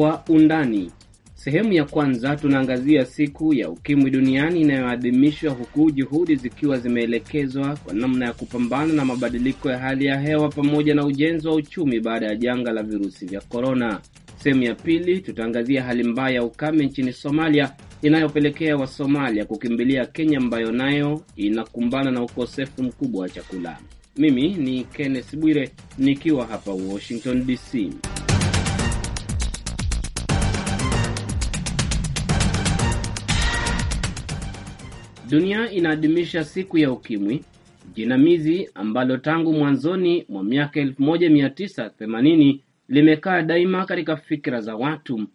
Kwa undani sehemu ya kwanza, tunaangazia siku ya ukimwi duniani inayoadhimishwa huku juhudi zikiwa zimeelekezwa kwa namna ya kupambana na mabadiliko ya hali ya hewa pamoja na ujenzi wa uchumi baada ya janga la virusi vya korona. Sehemu ya pili, tutaangazia hali mbaya ya ukame nchini Somalia inayopelekea Wasomalia kukimbilia Kenya ambayo nayo inakumbana na ukosefu mkubwa wa chakula. Mimi ni Kenneth Bwire nikiwa hapa Washington DC. Dunia inaadhimisha siku ya Ukimwi, jinamizi ambalo tangu mwanzoni mwa miaka 1980 limekaa daima katika fikira za watu,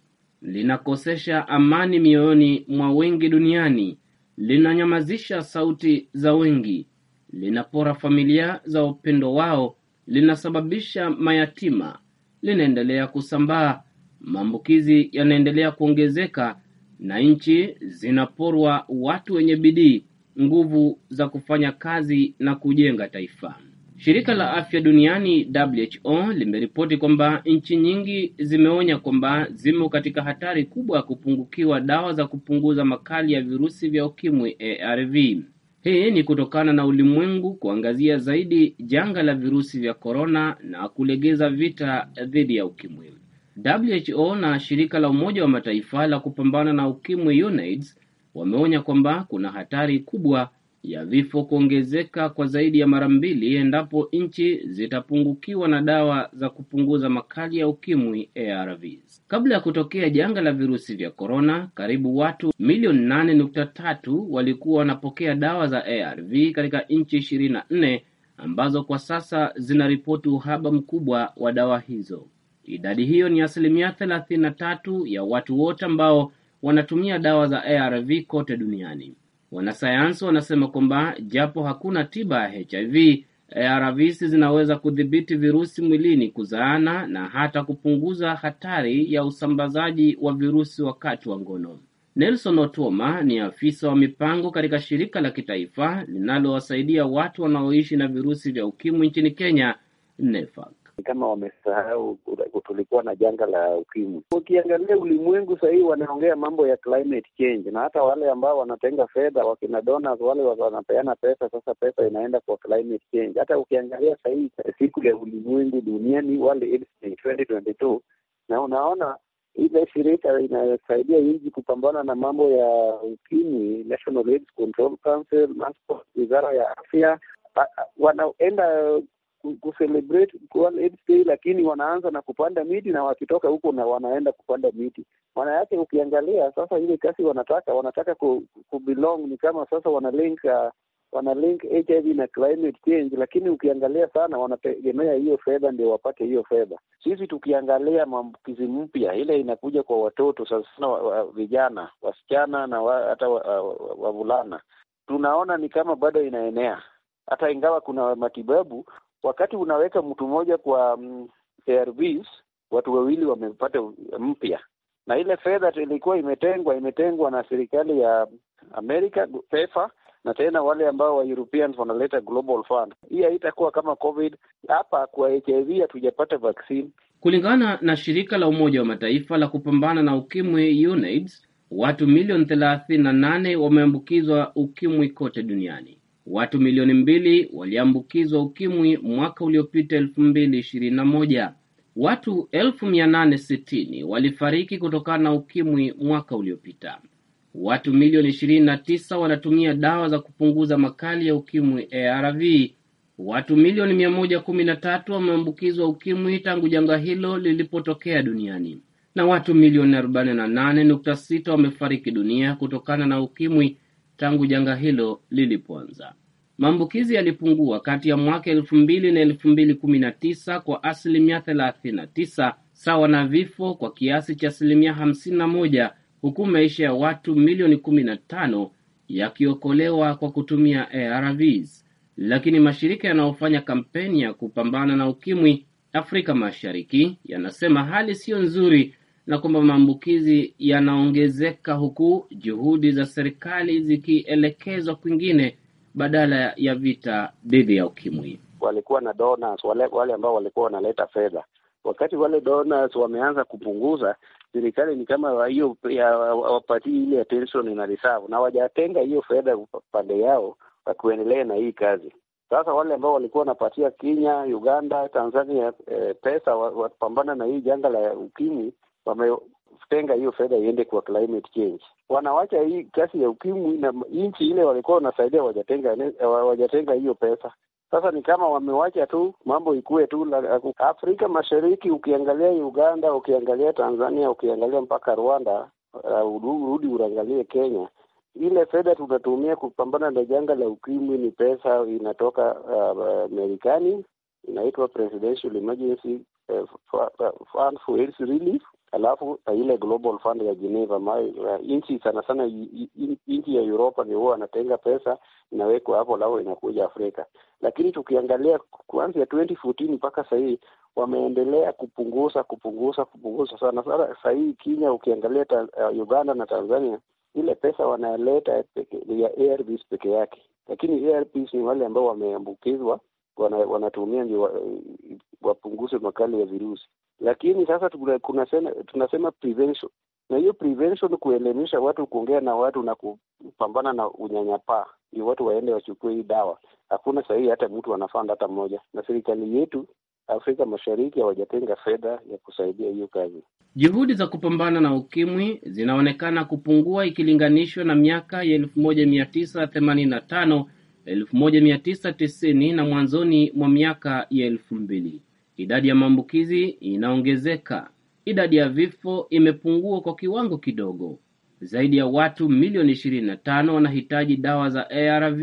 linakosesha amani mioyoni mwa wengi duniani, linanyamazisha sauti za wengi, linapora familia za upendo wao, linasababisha mayatima, linaendelea kusambaa, maambukizi yanaendelea kuongezeka na nchi zinaporwa watu wenye bidii, nguvu za kufanya kazi na kujenga taifa. Shirika la Afya Duniani WHO limeripoti kwamba nchi nyingi zimeonya kwamba zimo katika hatari kubwa ya kupungukiwa dawa za kupunguza makali ya virusi vya ukimwi ARV. Hii ni kutokana na ulimwengu kuangazia zaidi janga la virusi vya korona na kulegeza vita dhidi ya ukimwi. WHO na shirika la Umoja wa Mataifa la kupambana na ukimwi UNAIDS wameonya kwamba kuna hatari kubwa ya vifo kuongezeka kwa zaidi ya mara mbili endapo nchi zitapungukiwa na dawa za kupunguza makali ya ukimwi ARVs. Kabla ya kutokea janga la virusi vya korona, karibu watu milioni nane tatu walikuwa wanapokea dawa za ARV katika nchi 24 ambazo kwa sasa zinaripoti uhaba mkubwa wa dawa hizo. Idadi hiyo ni asilimia 33 tatu ya watu wote ambao wanatumia dawa za ARV kote duniani. Wanasayansi wanasema kwamba japo hakuna tiba ya HIV, ARVs zinaweza kudhibiti virusi mwilini kuzaana na hata kupunguza hatari ya usambazaji wa virusi wakati wa ngono. Nelson Otoma ni afisa wa mipango katika shirika la kitaifa linalowasaidia watu wanaoishi na virusi vya ukimwi nchini Kenya, NEFA ni kama wamesahau tulikuwa na janga la ukimwi. Ukiangalia ulimwengu sahii wanaongea mambo ya climate change, na hata wale ambao wanatenga fedha wakina donors wale wanapeana pesa, sasa pesa inaenda kwa climate change. Hata ukiangalia sahii siku ya ulimwengu duniani, wale 2022, na unaona ile shirika inasaidia nchi kupambana na mambo ya ukimwi, National AIDS Control Council, wizara ya afya wanaenda kucelebrate World AIDS Day, lakini wanaanza na kupanda miti na wakitoka huko na wanaenda kupanda miti. Maana yake ukiangalia sasa ile kasi wanataka wanataka ku, ku belong ni kama sasa wanalink uh, wanalink HIV na climate change, lakini ukiangalia sana wanategemea hiyo fedha ndio wapate hiyo fedha. Sisi tukiangalia maambukizi mpya ile inakuja kwa watoto sasa sana wa, wa, vijana wasichana na wa, hata wavulana wa, wa tunaona ni kama bado inaenea hata ingawa kuna matibabu wakati unaweka mtu mmoja kwa mm, ARVs, watu wawili wamepata mpya, na ile fedha ilikuwa imetengwa imetengwa na serikali ya Amerika PEFA na tena wale ambao wa Europeans wanaleta Global Fund. Hii haitakuwa kama COVID hapa kwa HIV, hatujapata vaccine. Kulingana na shirika la Umoja wa Mataifa la kupambana na ukimwi UNAIDS, watu milioni thelathini na nane wameambukizwa ukimwi kote duniani. Watu milioni mbili waliambukizwa ukimwi mwaka uliopita elfu mbili ishirini na moja. Watu elfu mia nane sitini walifariki kutokana na ukimwi mwaka uliopita. Watu milioni ishirini na tisa wanatumia dawa za kupunguza makali ya ukimwi ARV. Watu milioni mia moja kumi na tatu wameambukizwa ukimwi tangu janga hilo lilipotokea duniani na watu milioni arobaini na nane nukta sita wamefariki dunia kutokana na ukimwi tangu janga hilo lilipoanza. Maambukizi yalipungua kati ya mwaka elfu mbili na elfu mbili kumi na tisa kwa asilimia thelathini na tisa sawa na vifo kwa kiasi cha asilimia hamsini na moja huku maisha ya watu milioni kumi na tano yakiokolewa kwa kutumia ARVs. Lakini mashirika yanayofanya kampeni ya kupambana na ukimwi Afrika Mashariki yanasema hali siyo nzuri na kwamba maambukizi yanaongezeka huku juhudi za serikali zikielekezwa kwingine badala ya vita dhidi ya ukimwi. Walikuwa na donors, wale, wale ambao walikuwa wanaleta fedha. Wakati wale donors wameanza kupunguza, serikali ni kama hiyo wapatii ile attention na reserve, na wajatenga hiyo fedha pande yao wakuendelea na hii kazi. Sasa wale ambao walikuwa wanapatia Kenya, Uganda, Tanzania eh, pesa wapambana na hii janga la ukimwi wametenga hiyo fedha iende kwa climate change. Wanawacha hii kasi ya ukimwi na nchi ile walikuwa wanasaidia wajatenga, wajatenga hiyo pesa. Sasa ni kama wamewacha tu mambo ikue tu. Afrika Mashariki, ukiangalia Uganda, ukiangalia Tanzania, ukiangalia mpaka Rwanda, uh, urudi urangalie uangalie Kenya, ile fedha tunatumia kupambana na janga la ukimwi ni pesa inatoka uh, Marekani, inaitwa Presidential Emergency uh, uh, Fund for AIDS Relief Alafu ile Global Fund ya Geneva nchi sana sana nchi ya Europa ni huwa anatenga pesa inawekwa hapo, lao inakuja Afrika. Lakini tukiangalia kuanzia 2014 mpaka sasa hii wameendelea kupunguza kupunguza kupunguza sana sana. Sasa hii Kenya, ukiangalia uh, Uganda na Tanzania ile pesa wanaleta ya ARVs peke yake, lakini ARVs ni wale ambao wameambukizwa, wanatumia wana ndio wapunguze makali ya virusi lakini sasa tunasema, tunasema prevention, na hiyo prevention kuelimisha watu, kuongea na watu na kupambana na unyanyapaa, ndio watu waende wachukue hii dawa. Hakuna sahihi hata mtu anafanda hata mmoja, na serikali yetu Afrika Mashariki hawajatenga fedha ya kusaidia hiyo kazi. Juhudi za kupambana na ukimwi zinaonekana kupungua ikilinganishwa na miaka ya elfu moja mia tisa themanini na tano elfu moja mia tisa tisini na mwanzoni mwa miaka ya elfu mbili. Idadi ya maambukizi inaongezeka, idadi ya vifo imepungua kwa kiwango kidogo. Zaidi ya watu milioni 25 wanahitaji dawa za ARV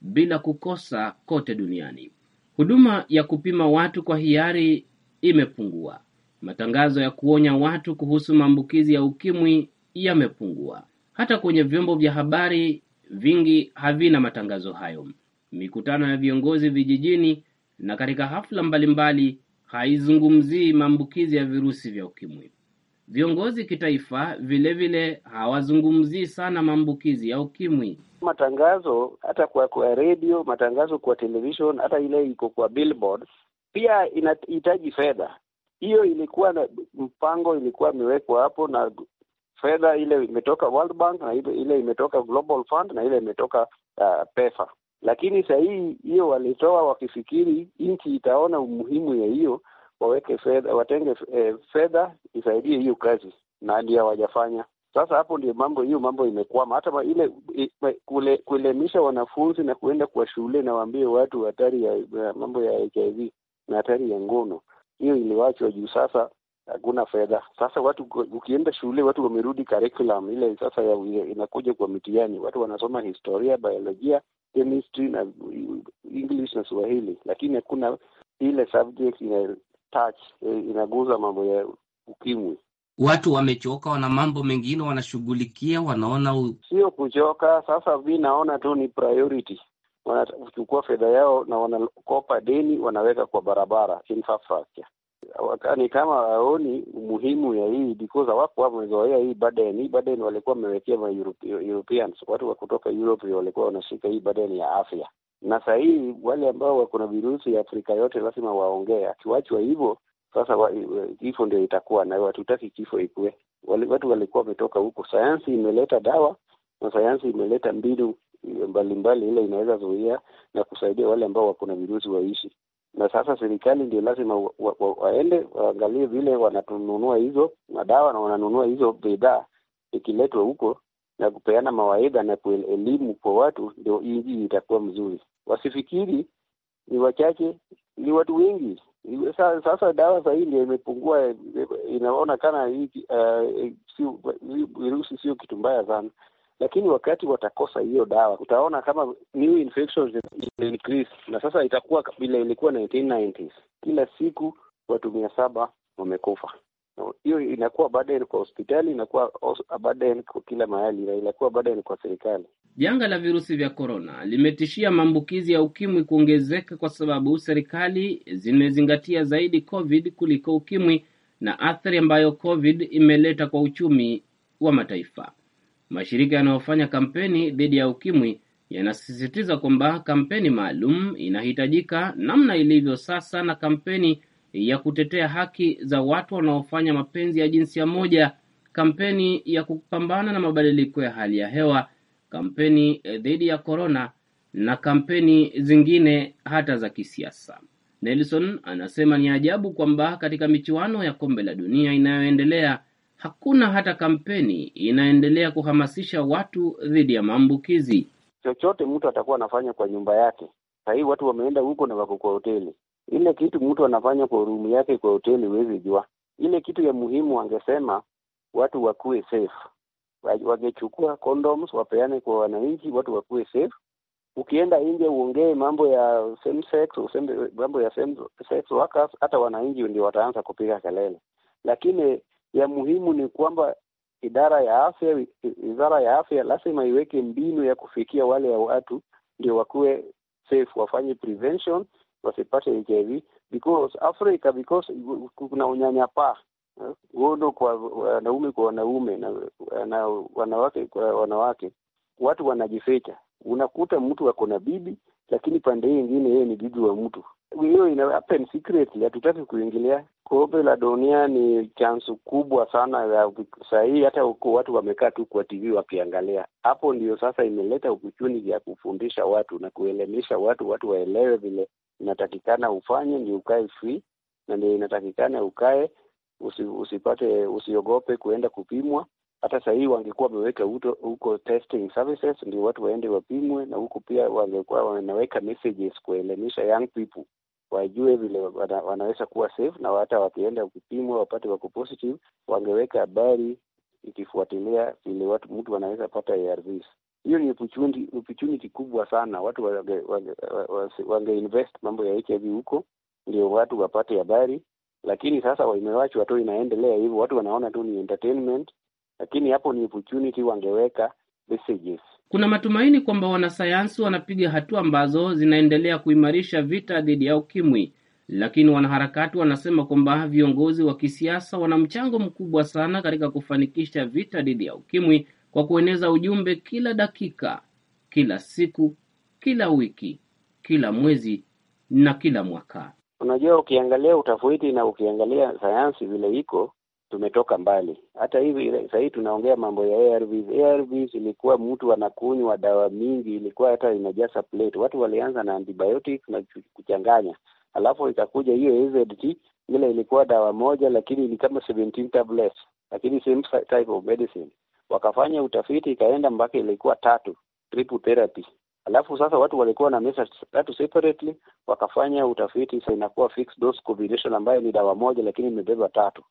bila kukosa kote duniani. Huduma ya kupima watu kwa hiari imepungua. Matangazo ya kuonya watu kuhusu maambukizi ya ukimwi yamepungua. Hata kwenye vyombo vya habari vingi havina matangazo hayo. Mikutano ya viongozi vijijini na katika hafla mbalimbali haizungumzii maambukizi ya virusi vya ukimwi. Viongozi kitaifa vilevile hawazungumzii sana maambukizi ya ukimwi. Matangazo hata kwa kwa redio, matangazo kwa television, hata ile iko kwa billboard pia inahitaji fedha. Hiyo ilikuwa na mpango, ilikuwa imewekwa hapo na fedha ile imetoka World Bank na ile imetoka Global Fund na ile imetoka uh, PEFA lakini saa hii hiyo walitoa wakifikiri nchi itaona umuhimu ya hiyo, waweke fedha, watenge eh, fedha isaidie hiyo kazi, na ndio hawajafanya. Sasa hapo ndio mambo hiyo mambo imekwama. Hata ile kule wanafunzi na kuenda kwa shule na waambie watu hatari ya mambo ya HIV na hatari ya ngono, hiyo iliwachwa juu. Sasa hakuna fedha. Sasa watu ukienda shule, watu wamerudi curriculum ile sasa ya, inakuja kwa mitiani watu wanasoma historia, biolojia chemistry na English na Swahili, lakini hakuna ile subject ina touch eh, inaguza mambo ya ukimwi. Watu wamechoka, wana mambo mengine wanashughulikia, wanaona u... sio kuchoka. Sasa vi naona tu ni priority, wanachukua fedha yao na wanakopa deni, wanaweka kwa barabara infrastructure Wakani kama waoni umuhimu ya hii because hawapo wamezoea hii baden Hii baden walikuwa wamewekea ma Europeans, watu wa kutoka Europe walikuwa wanashika hii baden ya afya, na saa hii wale ambao wako na virusi ya Afrika yote lazima waongee. Akiwachwa hivyo sasa wa, kifo ndio itakuwa na watutaki kifo ikuwe. Watu walikuwa wametoka huko, sayansi imeleta dawa na sayansi imeleta mbinu mbalimbali ile inaweza zuia na kusaidia wale ambao wako na virusi waishi na sasa serikali ndio lazima wa, wa, wa, waende waangalie vile wanatununua hizo madawa na wananunua hizo bidhaa ikiletwa huko na kupeana mawaidha na kuelimu kwa watu, ndio hii itakuwa mzuri. Wasifikiri ni wachache, ni watu wengi. Sasa, dawa dawa sahii ndio imepungua, inaonekana hii uh, virusi sio kitu mbaya sana lakini wakati watakosa hiyo dawa, utaona kama new infections increase, na sasa itakuwa vile ilikuwa 1990s. Kila siku watu mia saba wamekufa. Hiyo inakuwa burden kwa hospitali, inakuwa burden kwa kila mahali, na inakuwa burden kwa serikali. Janga la virusi vya korona limetishia maambukizi ya ukimwi kuongezeka kwa sababu serikali zimezingatia zaidi covid kuliko ukimwi na athari ambayo covid imeleta kwa uchumi wa mataifa. Mashirika yanayofanya kampeni dhidi ya ukimwi yanasisitiza kwamba kampeni maalum inahitajika namna ilivyo sasa na kampeni ya kutetea haki za watu wanaofanya mapenzi ya jinsia moja, kampeni ya kupambana na mabadiliko ya hali ya hewa, kampeni eh, dhidi ya korona na kampeni zingine hata za kisiasa. Nelson anasema ni ajabu kwamba katika michuano ya kombe la dunia inayoendelea Hakuna hata kampeni inaendelea kuhamasisha watu dhidi ya maambukizi. Chochote mtu atakuwa anafanya kwa nyumba yake, sahii watu wameenda huko na wako kwa hoteli. Ile kitu mtu anafanya kwa rumu yake kwa hoteli, huwezi jua. Ile kitu ya muhimu, wangesema watu wakuwe safe, wangechukua condoms wapeane kwa wananchi, watu wakuwe safe. Ukienda nje uongee mambo ya same sex, mambo ya same sex workers, hata wananchi ndio wataanza kupiga kelele, lakini ya muhimu ni kwamba idara ya afya, wizara ya afya lazima iweke mbinu ya kufikia wale ya watu ndio wakuwe safe, wafanye prevention wasipate HIV because Africa, because kuna unyanyapaa gono eh, kwa wanaume kwa wanaume na, na wanawake kwa wanawake, watu wanajificha. Unakuta mtu ako na bibi lakini pande hii ingine yeye ni bibi wa mtu. Hiyo ina happen secretly, hatutaki kuingilia. Kombe la Dunia ni chansu kubwa sana ya sahii, hata uko watu wamekaa tu kwa TV wakiangalia. Hapo ndio sasa imeleta opportunity ya kufundisha watu na kuelimisha watu, watu waelewe vile inatakikana ufanye ndio ukae free, na ndio inatakikana ukae usi, usipate usiogope kuenda kupimwa hata sahii wangekuwa wameweka huko testing services ndio watu waende wapimwe, na huko pia wangekuwa wanaweka messages kuelimisha young people wajue vile wana, wanaweza kuwa safe, na hata wakienda kupimwa wapate wako positive, wangeweka habari ikifuatilia vile watu mtu wanaweza pata ARVs. Hiyo ni opportunity, opportunity kubwa sana. Watu wange, wange, wange, wange mambo ya HIV huko ndio watu wapate habari, lakini sasa wamewachwa tu inaendelea hivyo, watu wanaona tu ni entertainment lakini hapo ni opportunity, wangeweka messages. Kuna matumaini kwamba wanasayansi wanapiga hatua ambazo zinaendelea kuimarisha vita dhidi ya ukimwi, lakini wanaharakati wanasema kwamba viongozi wa kisiasa wana mchango mkubwa sana katika kufanikisha vita dhidi ya ukimwi kwa kueneza ujumbe kila dakika, kila siku, kila wiki, kila mwezi na kila mwaka. Unajua, ukiangalia utafiti na ukiangalia sayansi vile iko tumetoka mbali. Hata hivi sahii tunaongea mambo ya ARVs. ARVs ilikuwa mtu anakunywa dawa mingi, ilikuwa hata inajaza plate. Watu walianza na antibiotics na kuchanganya, alafu ikakuja hiyo AZT, ile ilikuwa dawa moja, lakini ni kama 17 tablets, lakini same type of medicine. Wakafanya utafiti ikaenda mpaka ilikuwa tatu, triple therapy. Alafu sasa watu walikuwa na mesa tatu separately, wakafanya utafiti, sasa inakuwa fixed dose combination ambayo ni dawa moja, lakini imebeba tatu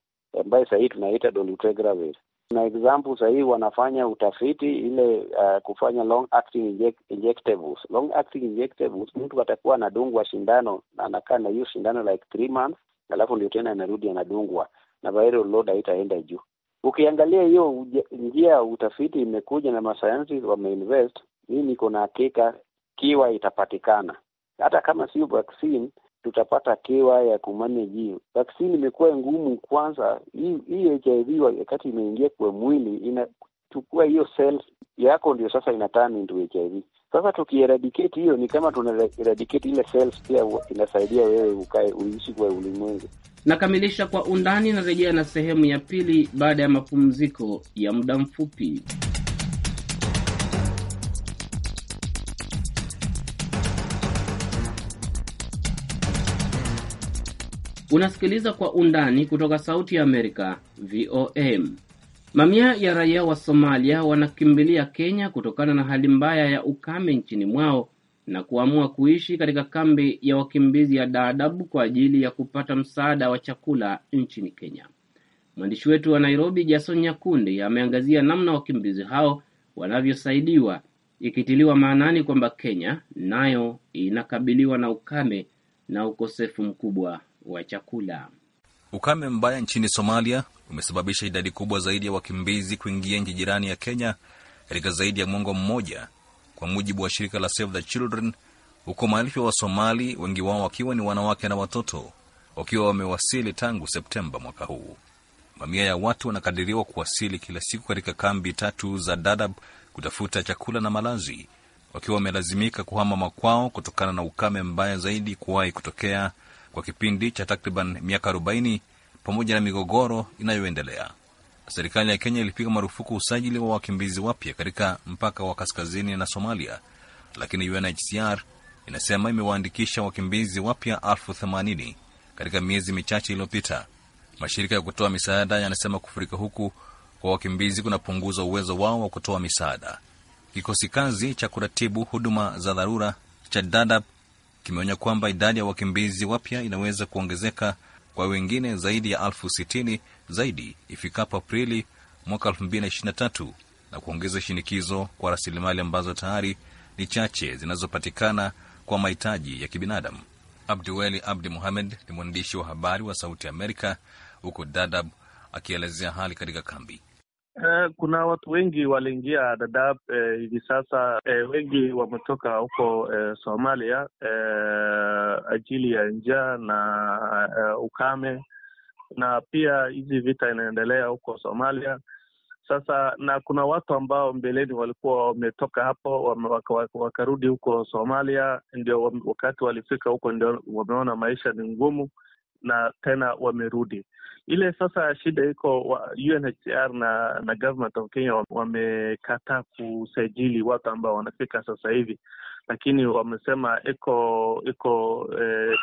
ambaye sahii tunaita dolutegravir na example sahii wanafanya utafiti ile uh, kufanya long acting inject, injectables. Long acting injectables, mtu atakuwa anadungwa shindano na anakaa na hiyo shindano like three months, alafu ndio tena anarudi anadungwa na viral load haitaenda juu. Ukiangalia hiyo njia ya utafiti imekuja na masayansi wameinvest, mimi niko na hakika kiwa itapatikana hata kama sio vaccine tutapata kewa ya kumanage hiyo. Vaksini imekuwa ngumu kwanza, hii HIV wakati imeingia kwa mwili inachukua hiyo cells yako ndio sasa inatani into HIV. Sasa tukieradicate hiyo ni kama tuna eradicate ile cells, pia inasaidia wewe ukae uishi kwa ulimwengu. Nakamilisha kwa undani, narejea na sehemu ya pili baada ya mapumziko ya muda mfupi. Unasikiliza Kwa Undani kutoka Sauti ya Amerika, VOA. Mamia ya raia wa Somalia wanakimbilia Kenya kutokana na hali mbaya ya ukame nchini mwao na kuamua kuishi katika kambi ya wakimbizi ya Dadaab kwa ajili ya kupata msaada wa chakula nchini Kenya. Mwandishi wetu wa Nairobi, Jason Nyakundi, ameangazia namna wakimbizi hao wanavyosaidiwa, ikitiliwa maanani kwamba Kenya nayo inakabiliwa na ukame na ukosefu mkubwa wa chakula. Ukame mbaya nchini Somalia umesababisha idadi kubwa zaidi ya wakimbizi kuingia nchi jirani ya Kenya katika zaidi ya mwongo mmoja, kwa mujibu wa shirika la Save the Children, huko maelfu ya Wasomali, wengi wao wakiwa ni wanawake na watoto, wakiwa wamewasili tangu Septemba mwaka huu. Mamia ya watu wanakadiriwa kuwasili kila siku katika kambi tatu za Dadaab kutafuta chakula na malazi, wakiwa wamelazimika kuhama makwao kutokana na ukame mbaya zaidi kuwahi kutokea kwa kipindi cha takriban miaka 40 pamoja na migogoro inayoendelea. Serikali ya Kenya ilipiga marufuku usajili wa wakimbizi wapya katika mpaka wa kaskazini na Somalia, lakini UNHCR inasema imewaandikisha wakimbizi wapya elfu themanini katika miezi michache iliyopita. Mashirika ya kutoa misaada yanasema kufurika huku kwa wakimbizi kunapunguza uwezo wao wa kutoa misaada. Kikosi kazi cha kuratibu huduma za dharura cha Dadab kimeonya kwamba idadi ya wakimbizi wapya inaweza kuongezeka kwa wengine zaidi ya elfu sitini zaidi ifikapo Aprili mwaka 2023 na kuongeza shinikizo kwa rasilimali ambazo tayari ni chache zinazopatikana kwa mahitaji ya kibinadamu. Abduweli Abdi Muhamed ni mwandishi wa habari wa Sauti Amerika huko Dadab akielezea hali katika kambi. Uh, kuna watu wengi waliingia Dadaab uh, eh, hivi sasa uh, wengi wametoka huko uh, Somalia uh, ajili ya njaa na uh, ukame na pia hizi vita inaendelea huko Somalia sasa, na kuna watu ambao mbeleni walikuwa wametoka hapo waka, waka, wakarudi huko Somalia, ndio wakati walifika huko ndio wameona maisha ni ngumu na tena wamerudi. Ile sasa shida iko UNHCR na na government of Kenya wamekataa kusajili watu ambao wanafika sasa hivi, lakini wamesema iko iko eh,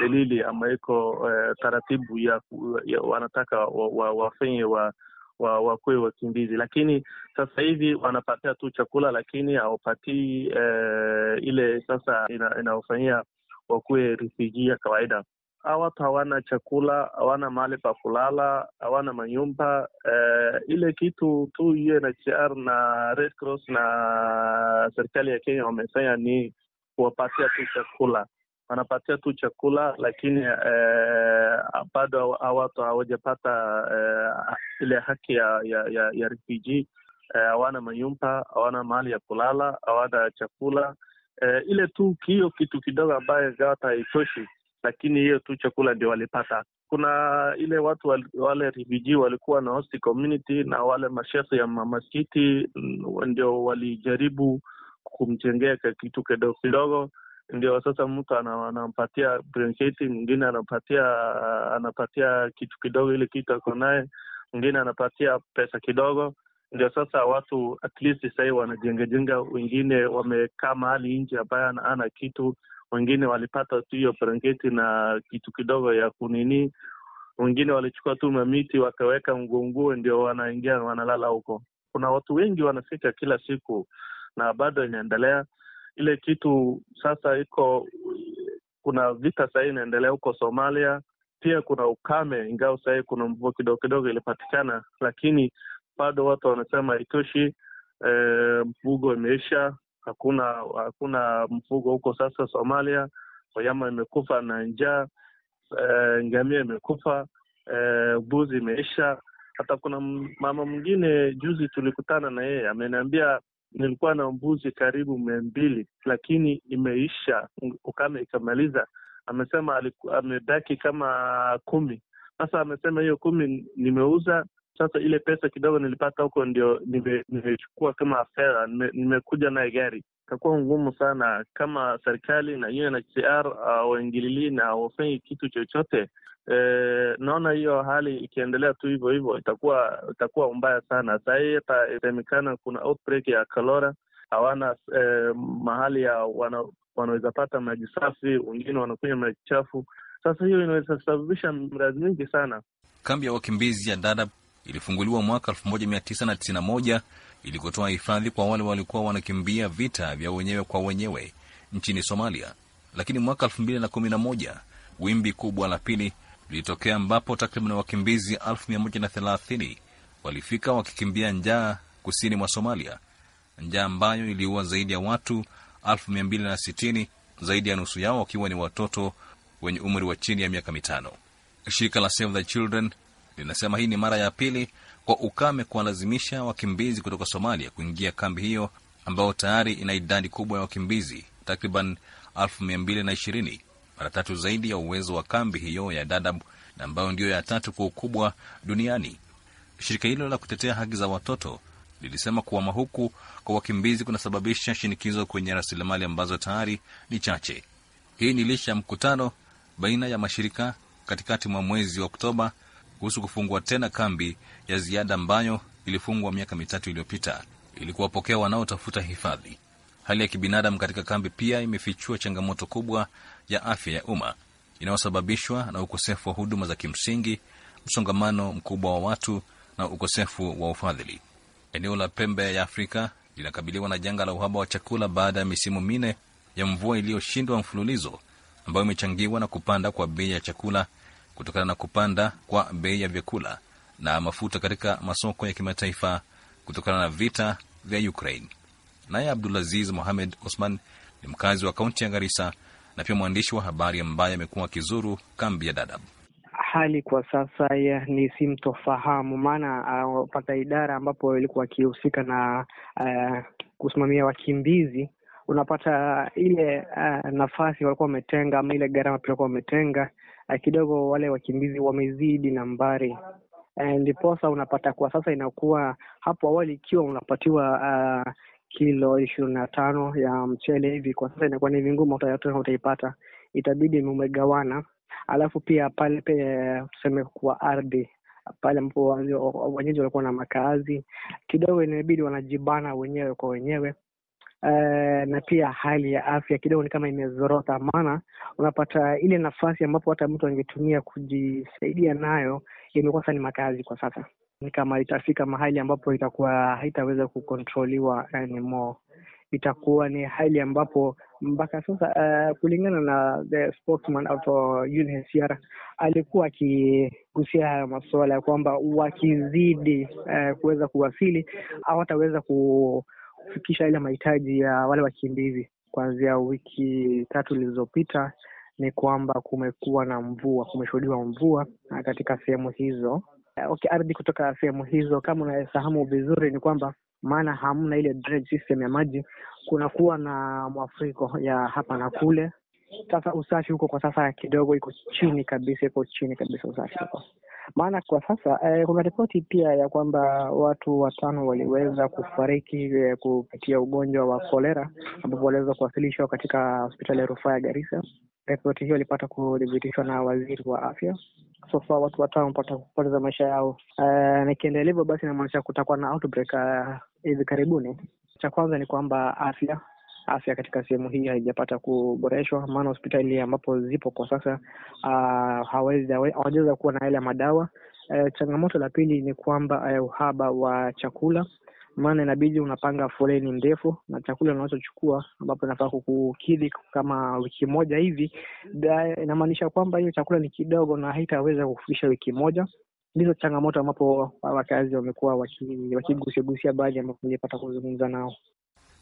delili ama iko eh, taratibu ya, ya wanataka wafenye wa, wa, wa wa wakuwe wakimbizi, lakini sasa hivi wanapatia tu chakula, lakini hawapatii eh, ile sasa inaofanyia wakuwe refugee ya kawaida hawa hawana chakula, hawana mahali pa kulala, hawana manyumba eh, ile kitu tu UNHCR na Red Cross na serikali ya Kenya wamefanya ni kuwapatia tu chakula, wanapatia tu chakula, lakini eh, bado watu hawajapata eh, ile haki ya, ya, ya, ya refugee eh, hawana eh, manyumba, hawana mahali ya kulala, hawana chakula eh, ile tu hiyo kitu kidogo ambayo gata haitoshi lakini hiyo tu chakula ndio walipata. Kuna ile watu wale, refugee walikuwa na host community na wale mashekhe ya mamaskiti mm, ndio walijaribu kumjengea kitu kidogo kidogo ndio sasa mtu anampatia blanketi, mwingine anapatia anapatia kitu kidogo, ile kitu ako naye, mwingine anapatia pesa kidogo. Ndio sasa watu at least sahii wanajengajenga, wengine wamekaa mahali nje ambaye ana kitu wengine walipata tu hiyo perengeti na kitu kidogo ya kunini, wengine walichukua tu mamiti wakaweka nguonguo, ndio wanaingia wanalala huko. Kuna watu wengi wanafika kila siku na bado inaendelea ile kitu. Sasa iko kuna vita sahii inaendelea huko Somalia, pia kuna ukame, ingawa sahii kuna mvua kidogo kidogo ilipatikana, lakini bado watu wanasema itoshi E, eh, mfugo imeisha hakuna hakuna mfugo huko sasa Somalia. Wanyama imekufa na njaa e, ngamia imekufa e, mbuzi imeisha. Hata kuna mama mwingine juzi tulikutana na yeye ameniambia, nilikuwa na mbuzi karibu mia mbili lakini imeisha, ukame ikamaliza. Amesema amebaki kama kumi. Sasa amesema hiyo kumi nimeuza sasa ile pesa kidogo nilipata huko ndio nimechukua nime kama fedha, nimekuja nime naye gari. Itakuwa ngumu sana kama serikali na UNHCR awaingililii na ah, wafanye kitu chochote. E, naona hiyo hali ikiendelea tu hivyo hivyo itakuwa itakuwa mbaya sana. Saa hii itasemekana kuna outbreak ya kalora, hawana e, mahali ya wana, wanaweza pata maji safi, wengine wanakunywa maji chafu. Sasa hiyo inaweza sababisha mradhi mingi sana. Kambi ya wakimbizi ya Dadaab ilifunguliwa mwaka 1991 ili kutoa hifadhi kwa wale walikuwa wanakimbia vita vya wenyewe kwa wenyewe nchini Somalia. Lakini mwaka 2011 wimbi kubwa la pili lilitokea ambapo takriban wakimbizi 130 walifika wakikimbia njaa kusini mwa Somalia, njaa ambayo iliua zaidi ya watu 260, zaidi ya nusu yao wakiwa ni watoto wenye umri wa chini ya miaka mitano. Shirika la Save the Children linasema hii ni mara ya pili kwa ukame kuwalazimisha wakimbizi kutoka Somalia kuingia kambi hiyo ambayo tayari ina idadi kubwa ya wakimbizi takriban elfu mia mbili na ishirini, mara tatu zaidi ya uwezo wa kambi hiyo ya Dadaab na ambayo ndiyo ya tatu kwa ukubwa duniani. Shirika hilo la kutetea haki za watoto lilisema kuwama huku kwa wakimbizi kunasababisha shinikizo kwenye rasilimali ambazo tayari ni chache. Hii ni licha ya mkutano baina ya mashirika katikati mwa mwezi wa Oktoba kuhusu kufungwa tena kambi ya ziada ambayo ilifungwa miaka mitatu iliyopita ili kuwapokea wanaotafuta hifadhi. Hali ya kibinadamu katika kambi pia imefichua changamoto kubwa ya afya ya umma inayosababishwa na ukosefu wa huduma za kimsingi, msongamano mkubwa wa watu na ukosefu wa ufadhili. Eneo la pembe ya Afrika linakabiliwa na janga la uhaba wa chakula baada ya misimu minne ya mvua iliyoshindwa mfululizo ambayo imechangiwa na kupanda kwa bei ya chakula kutokana na kupanda kwa bei ya vyakula na mafuta katika masoko ya kimataifa kutokana na vita vya Ukraine. Naye Abdulaziz Mohamed Osman ni mkazi wa kaunti ya Garissa na pia mwandishi wa habari ambaye amekuwa akizuru kambi ya Dadaab. Hali kwa sasa ya, ni simtofahamu maana uh, idara ambapo ilikuwa akihusika na uh, kusimamia wakimbizi unapata ile uh, nafasi walikuwa wametenga ama ile gharama pia walikuwa wametenga uh, kidogo wale wakimbizi wamezidi nambari eh, ndiposa unapata kwa sasa inakuwa hapo awali ikiwa unapatiwa uh, kilo ishirini na tano ya mchele hivi, kwa sasa inakuwa ni vingumu utaipata, itabidi mumegawana. Alafu pia pale pe, tuseme kwa ardhi pale ambapo wenyeji walikuwa na makaazi kidogo, inabidi wanajibana wenyewe kwa wenyewe, Eh, na pia hali ya afya kidogo ni kama imezorota, maana unapata ile nafasi ambapo hata mtu angetumia kujisaidia nayo imekuwa sasa ni makazi kwa sasa ni kama itafika mahali ambapo itakuwa haitaweza kukontroliwa anymore. Itakuwa ni hali ambapo mpaka sasa uh, kulingana na the spokesman of uh, UNHCR alikuwa akigusia haya masuala ya kwamba wakizidi uh, kuweza kuwasili hawataweza ku kufikisha ile mahitaji ya wale wakimbizi. Kuanzia wiki tatu zilizopita ni kwamba kumekuwa na mvua, kumeshuhudiwa mvua ah, katika sehemu hizo. Eh, okay, ardhi kutoka sehemu hizo, kama unafahamu vizuri, ni kwamba maana hamna ile drainage system ya maji, kunakuwa na mwafuriko ya hapa na kule. Sasa usafi huko kwa sasa kidogo iko chini kabisa, iko chini kabisa usafi huko maana kwa sasa eh, kuna ripoti pia ya kwamba watu watano waliweza kufariki eh, kupitia ugonjwa wa kolera ambapo waliweza kuwasilishwa katika hospitali ya rufaa ya Garissa. Ripoti hiyo ilipata kudhibitishwa na waziri wa afya. Sofa watu watano wamepata kupoteza maisha yao. Eh, nikiendelea hivyo basi inamaanisha kutakuwa na outbreak eh, hivi uh, karibuni. Cha kwanza ni kwamba afya afya katika sehemu hii haijapata kuboreshwa, maana hospitali ambapo zipo kwa sasa ah, hawajaweza kuwa na yale madawa. Uh, changamoto la pili ni kwamba uh, uhaba wa chakula maana inabidi unapanga foleni ndefu na chakula unachochukua ambapo inafaa kukukidhi kama wiki moja hivi, inamaanisha kwamba hiyo chakula ni kidogo na haitaweza kufikisha wiki moja. Ndizo changamoto ambapo wakazi wamekuwa wakigusiagusia, baadhi ambapo nilipata kuzungumza nao.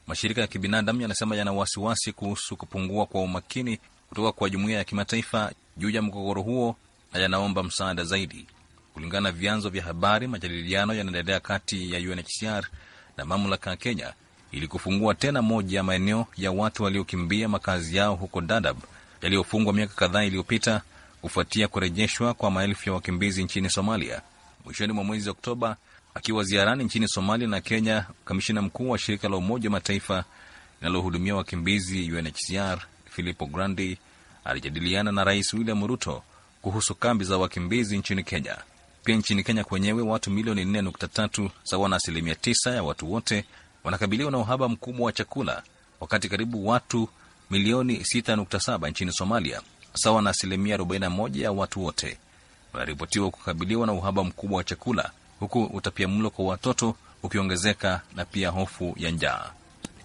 Mashirika ya kibinadamu yanasema yana wasiwasi kuhusu kupungua kwa umakini kutoka kwa jumuiya ya kimataifa juu ya mgogoro huo na yanaomba msaada zaidi. Kulingana na vyanzo vya habari, majadiliano yanaendelea kati ya UNHCR na mamlaka ya Kenya ili kufungua tena moja ya maeneo ya watu waliokimbia makazi yao huko Dadaab yaliyofungwa miaka kadhaa iliyopita kufuatia kurejeshwa kwa maelfu ya wakimbizi nchini Somalia mwishoni mwa mwezi Oktoba. Akiwa ziarani nchini Somalia na Kenya, kamishina mkuu wa shirika la Umoja wa Mataifa linalohudumia wakimbizi UNHCR Filippo Grandi alijadiliana na Rais William Ruto kuhusu kambi za wakimbizi nchini Kenya. Pia nchini Kenya kwenyewe watu milioni 4.3 sawa na asilimia 9 ya watu wote wanakabiliwa na uhaba mkubwa wa chakula, wakati karibu watu milioni 6.7 nchini Somalia sawa na asilimia 41 ya watu wote wanaripotiwa kukabiliwa na uhaba mkubwa wa chakula huku utapia mlo kwa watoto ukiongezeka na pia hofu ya njaa.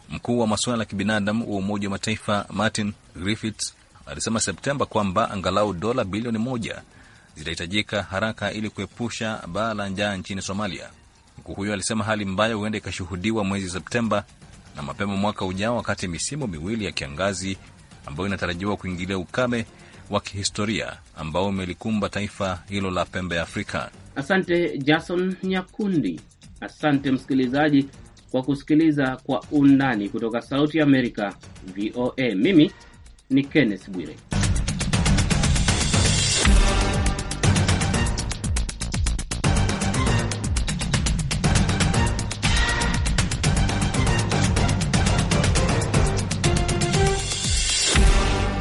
Mkuu wa masuala ya kibinadamu wa Umoja wa Mataifa Martin Griffiths alisema Septemba kwamba angalau dola bilioni moja zitahitajika haraka ili kuepusha baa la njaa nchini Somalia. Mkuu huyo alisema hali mbaya huenda ikashuhudiwa mwezi Septemba na mapema mwaka ujao, wakati misimu miwili ya kiangazi ambayo inatarajiwa kuingilia ukame wa kihistoria ambao umelikumba taifa hilo la pembe ya Afrika. Asante Jason Nyakundi. Asante msikilizaji kwa kusikiliza Kwa Undani kutoka Sauti ya Amerika, VOA. Mimi ni Kenneth Bwire.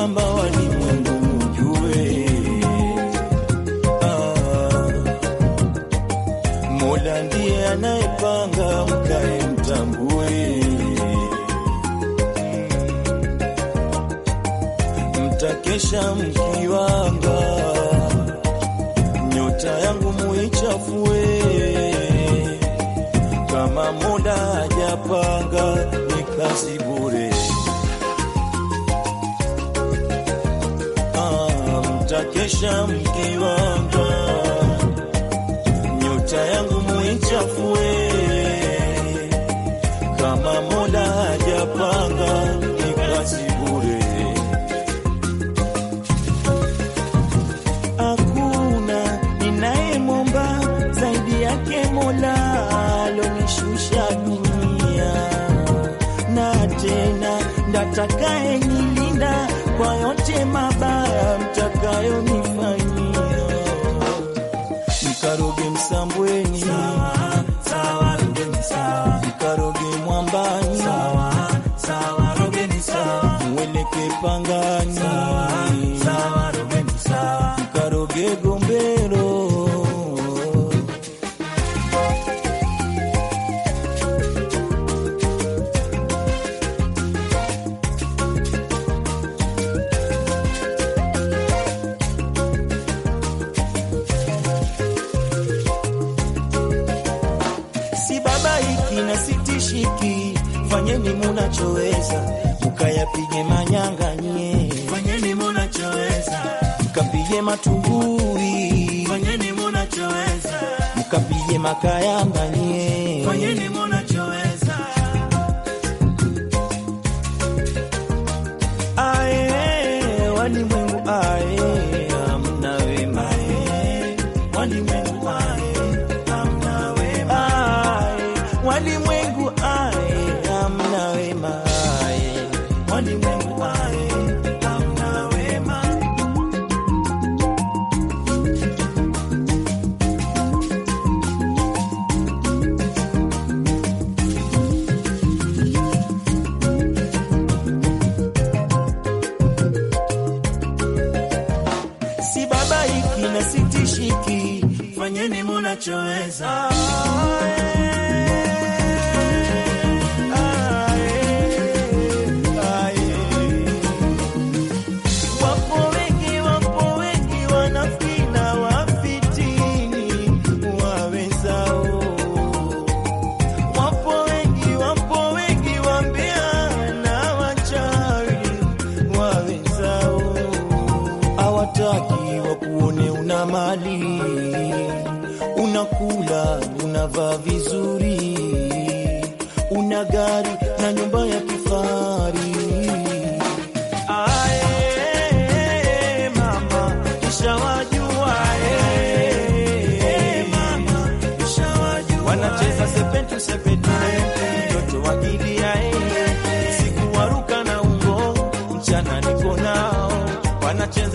kamba walimwengu mujue, ah, Mola ndiye anayepanga mkae mtambue, mtakesha mkiwanga, nyota yangu muichafue, kama Mola hajapanga ni kazi bure. mnakesha mkiwanga, nyota yangu muichafue, kama Mola hajapanga ni bure. Hakuna ninayemwomba zaidi yake Mola alonishusha dunia, na tena ndatakaye nilinda kwa yote ma vikaroge msambweni, vikaroge mwambani, mweleke pangani makayamba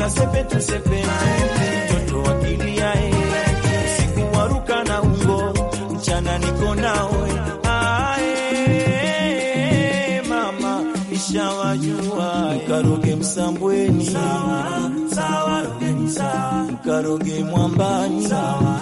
tukasepe tusepe, mtoto wakiliae siku waruka na ungo, mchana niko nawe ae mama ishawajua, mkaroge msambweni, mkaroge mwambani sawa,